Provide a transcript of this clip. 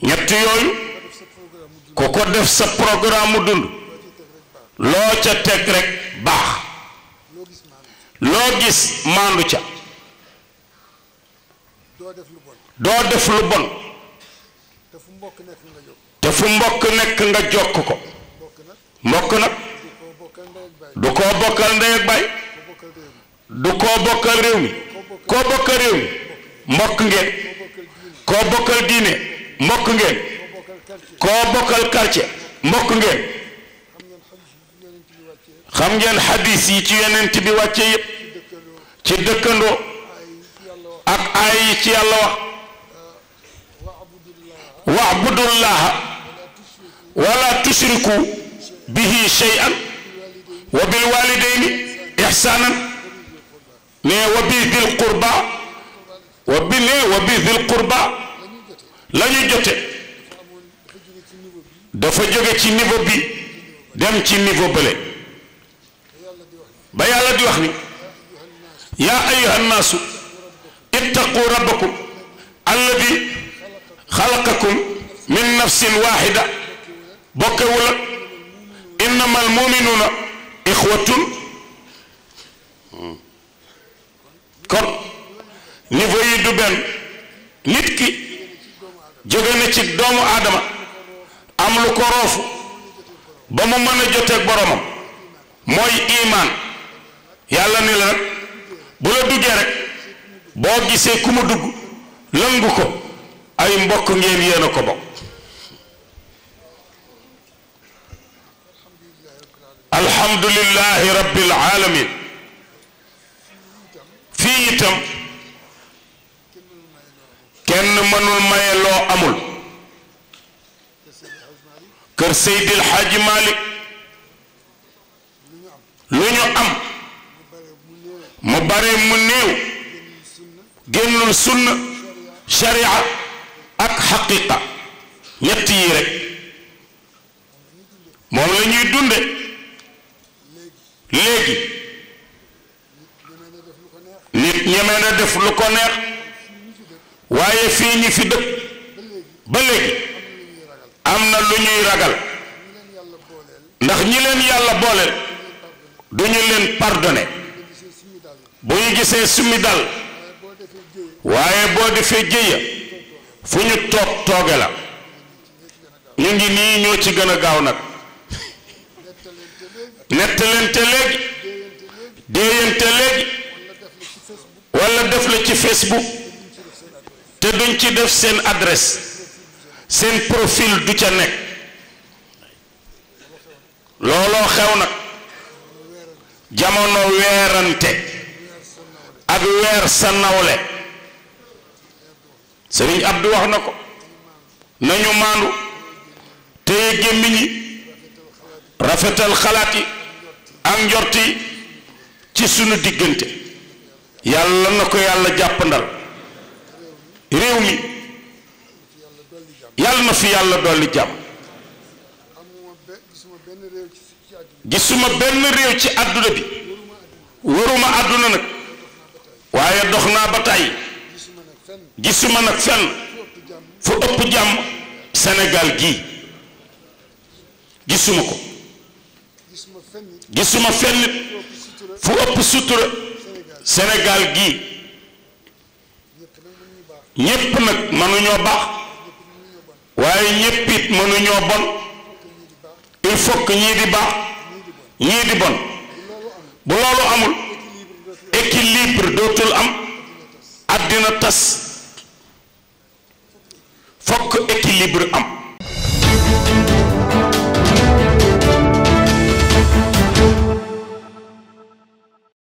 ñett yooyu ku ko def sa programme mu dund loo ca teg rek baax loo gis maandu ca doo def lu bon te fu mbokk nekk nga jokk ko mbokk nag du koo bokkal ndey bay du koo bokkal réew mi koo bokkal réew mi mbokk ngeen koo bokkal diine mbokk ngeen koo bokkal quartier mbokk ngeen xam ngeen xadis yi ci yonent bi wàcce yépp ci dëkkandoo ak aay yi ci yàlla wax wa'budullaha wala tushriku bihi shay'an wa bil walidayni ihsanan ne wa bi dil qurba wa bi ne wa bi dil qurba la ñuy jote dafa jóge ci niveau bi dem ci niveau bële ba yàlla di wax ni yaa ayuha nnaasu ittaqu rabbakum alladi xalaqakum min nafsin waxida bokkewul ak innama almuminuuna ixwatun kon niveau yi du benn nit ki jóge na ci doomu aadama am lu ko roofu ba mu mën a boromam mooy imaan yàlla ni la nag bu la duggee rek boo gisee ku mu dugg lëngu ko ay mbokk ngeen yéen ko bokk alhamdulillahi rabbil alamin fii itam mënul maye loo amul kër Seydil Hadji Malick lu ñu am mu bare mu néew génnul sunna sharia ak xaqiqa ñett yi rek moom la dunde léegi nit ñeme na def lu ko neex waaye fii ñi fi dëkk ba léegi am na lu ñuy ragal ndax ñi leen yàlla booleel du ñu leen pardonné bu ñu gisee summi dal waaye boo defee jéya fu ñu toog tooge la ñu nii ñoo ci gën a gaaw nag nettalente léegi déeyante léegi walla def la ci Facebook te duñ ci def seen adres seen profil du ca nekk looloo xew nag jamono weerante ak weer sa nawle Sëriñ Abdu wax na ko nañu maandu téye gémmiñ yi rafetal xalaat yi ak njort yi ci sunu diggante yàlla na ko yàlla jàppandal réew mi yàlla na fi yàlla dolli jàmm gisuma benn réew ci àdduna bi waruma àdduna nag waaye dox naa ba tàyyi gisuma nag fenn fu ëpp jàmm Sénégal gii ko gisuma fenn fu ëpp sutura Sénégal gii ñépp nag mënuñoo baax waaye ñépp it mënuñoo bon il faut que ñii di baax ñii di bon bu loolu amul équilibre dootul am àddina tas fokk équilibre am